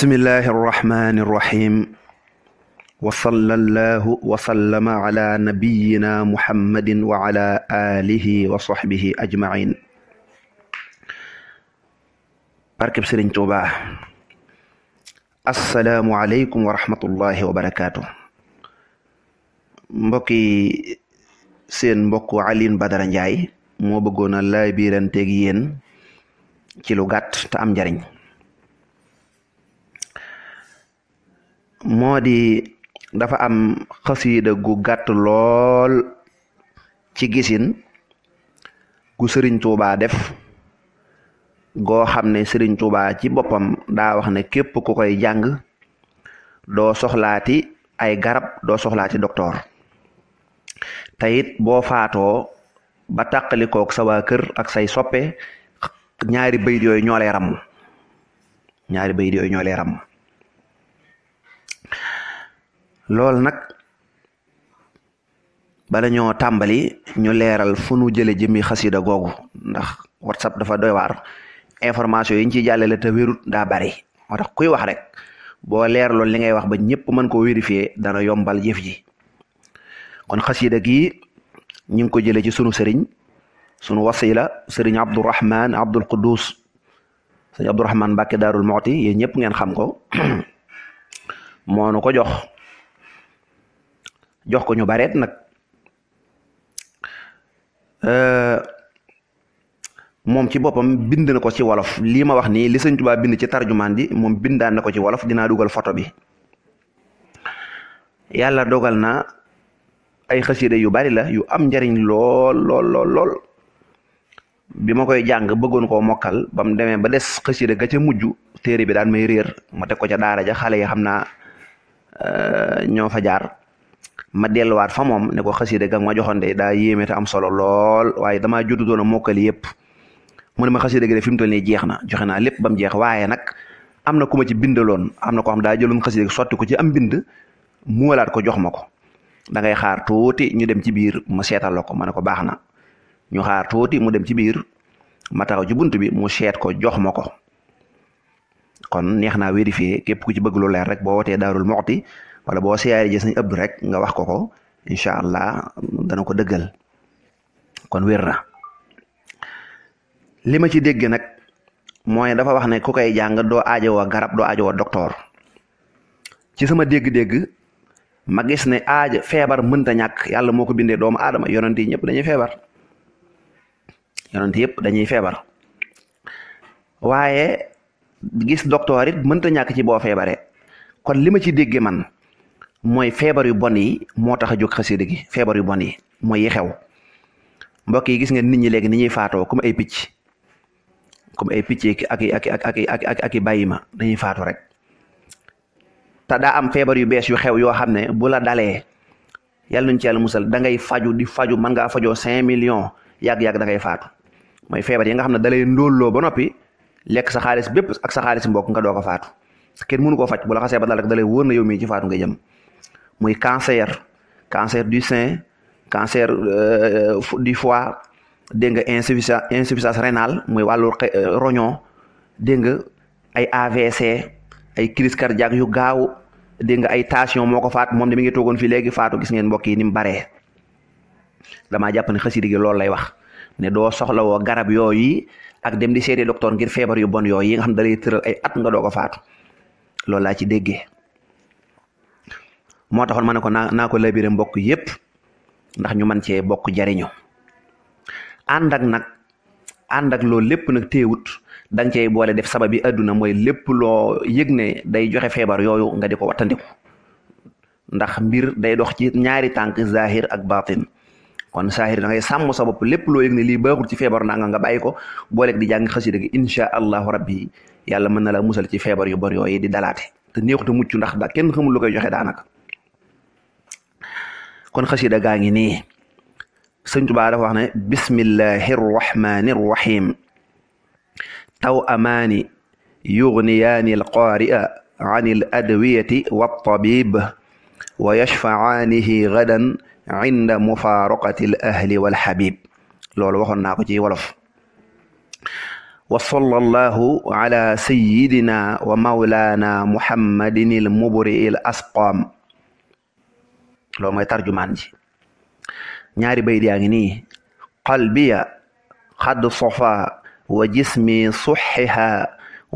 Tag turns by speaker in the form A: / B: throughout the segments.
A: bismillahi arrahmani irrahim wa sallallahu wa sallama ala nabiyina muhammadin wa ala wa sahbihi ajmain barkeb sëriñ Tuuba assalaamu aleykum wa rahmatullahi wa barakaatu mbokki seen mbokk Alioune Badara Ndiaye moo bëggoon a laay biiranteeg yéen ci lu gàtt njariñ moo di dafa am xasiida gu gàtt lool ci gisin gu sëriñ tuubaa def goo xam ne sëriñ tuubaa ci boppam daa wax ne képp ku koy jàng doo soxlaati ay garab doo soxlaati doktoor te it boo faatoo ba tàqalikook sa waa kër ak say soppe ñaari bayit yooyu ñoo lay ramm ñaari bayit yooyu ñoo lay ramm loolu nag bala ñoo tàmbali ñu leeral fu nu jële jëmmi xasida googu ndax whatsapp dafa doy waar information yi ñu ciy jàllale te wérut daa bari moo tax kuy wax rek boo leer li ngay wax ba ñëpp mën koo vérifier dana yombal jëf ji kon xasida gi ñu ngi ko jële ci sunu sëriñ sunu wasila sëriñ Abdourahman Abdul Quddus sëriñ Abdourahman Mbàkke Daarul Mooti yéen ñëpp ngeen xam ko moo nu ko jox jox ko ñu bareet nag euh, moom ci boppam bind na ko ci wolof lii ma wax nii li sëñ Tuubaa bind ci tarjumaan ji moom bindaan na ko ci wolof dinaa dugal photo bi yàlla dogal na ay xasida yu bari la yu am njariñ lool lool bi ma koy jàng bëggoon koo mokkal ba mu demee ba des xasida ga ca mujj téere bi daan may réer ma te ko ca daara ja xale yi xam naa euh, ñoo fa jaar ma delluwaat fa moom ne ko xasida gag ma joxoon de daa yéeme te am solo lool waaye damaa juddu doon a mokkali yépp mu ne ma xasida gi de fi mu toll nii jeex na joxe naa lépp ba mu jeex waaye nag am na ku ma ci bindaloon am na ko xam daa jëloon xasida gi sotti ko ci am bind muwalaat ko jox ma ko dangay ngay xaar tuuti ñu dem ci biir ma seetal ko ma ne ko baax na ñu xaar tuuti mu dem ci biir ma taxaw ci bunt bi mu seet ko jox ma ko kon neex naa vérifier képp ku ci bëgg lu leer rek boo wootee daarul moxti wala boo siyaaree ji sëñ ëbb rek nga wax ko ko incha allah dana ko dëggal kon wér na li ma ci dégg nag mooy dafa wax ne ku koy jàng doo wa garab doo aajowoo docteur ci sama dégg-dégg ma gis ne aaj feebar mënta ñàkk yàlla moo ko bindee doomu aadama yonent yi ñëpp dañuy feebar yonent yëpp dañuy feebar waaye gis docteur it mënta ñàkk ci boo feebaree kon li ma ci dégge man mooy feebar yu bon yi moo tax a jóg xasida gi feebar yu bon yi mooy yi xew mbokk yi gis nga nit ñi léegi ni ñuy faatoo comme ay picc comme ay picc yi ak i ak ak ak i bàyyi ma dañuy faatu rek te daa am feebar yu bees yu xew yoo xam ne bu la dalee yàlla nañ ci yàlla musal da faju di faju mën ngaa fajoo cinq millions yàgg-yàgg da ngay mooy feebar yi nga xam ne dalay ndóolloo ba noppi lekk sa xaalis bépp ak mbokk nga doog a faatu kenn mënu koo faj bu la xasee ba dal rek dalay wóor na yow mii ci faatu nga jëm muy cancer cancer du sein cancer euh, du fois dégg nga insuffisance insuffisance rénale muy wàllu euh, roñon dégg nga ay AVC ay crise yu gaaw dégg nga ay tension moo ko faat moom de mi ngi toogoon fi léegi faatu gis ngeen mbokk yi ni mu baree damaa jàpp ne xasida gi loolu lay wax ne doo soxla woo garab yooyu ak dem di seede docteur ngir feebar yu bon yooyu yi nga xam ne da lay tëral ay at nga doo ko faatu loolu laa ci déggee. moo taxoon ma ne ko naa naa ko labiré mbokk yépp ndax ñu man cee bokk jariñu ànd nag ànd ak loolu lépp nag téewut da cee boole def sabab bi àdduna mooy lépp loo yëg ne day joxe feebar yooyu nga di ko wattandiku ndax mbir day dox ci ñaari tànk zahir ak batin kon zahir da ngay sàmm sa bopp lépp loo yëg lii baaxul ci feebar naa nga nga bàyyi ko booleeg di jàng xasida gi incha allahu rabbi yàlla man na la musal ci feebar yu bari yooyu di dalaate te néexute mucc ndax da kenn xamul lu koy joxe daanaka kon xasida gaa ngi nii sëñ Tuubaa dafa wax ne bismillahi rrahmani rrahim taw amaani yugniyaani alqaaria an al adwiyati waltabib wa yashfacaanihi gadan inda mufaaraqati al ahli walxabib loolu waxoon naa ko ci wolof wa sallallahu ala sayyidina wa mawlaana muhammadin al mubri al asqaam loolu mooy tarjumaan ji ñaari bayit yaa ngi nii qalbiya xad sofa wa jismi suxiha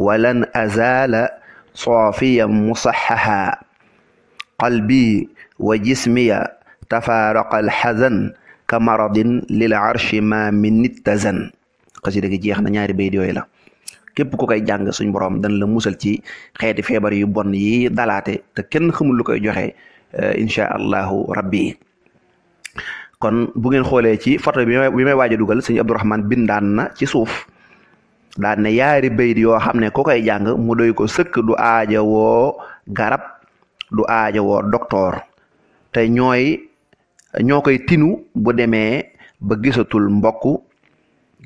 A: walan azala soofiya musaxaha qalbi wa jismiya tafaaraqa alxazan ka maradin lil arshi ma min nittazan xasida gi jeex na ñaari bayit yooyu la képp ku koy jàng suñ borom dana la musal ci xeeti feebar yu bon yi dalaate te kenn xamul lu koy joxe Eh, incha allahu rabbi kon bu ngeen xoolee ci photo bi bi may waaj a dugal sëñ Abdourahman bindaan na ci suuf daan ne yaari bayit yoo xam ne ku koy jàng mu doy ko sëkk du aaja woo garab du aaja woo docteur te ñooy ñoo koy tinu bu demee ba gisatul mbokk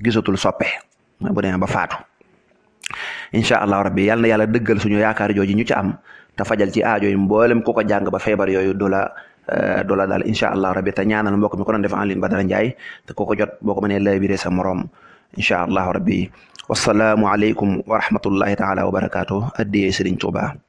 A: gisatul soppe bu demee ba faatu incha allahu rabbi yal na yàlla dëggal suñu yaakaar jooji ñu ci am te fajal ci aajo yi mboolem ku ko jàng ba feebar yooyu doola la du la eh, daal incha allah rabi te ñaanal mbokk mi ko doon def en ligne Badara Ndiaye te ku ko jot boo ko mënee lay biree sa morom incha allah rabi wasalaamualeykum wa rahmatullahi taala wa barakaatu addiyee Sëriñ Tuubaa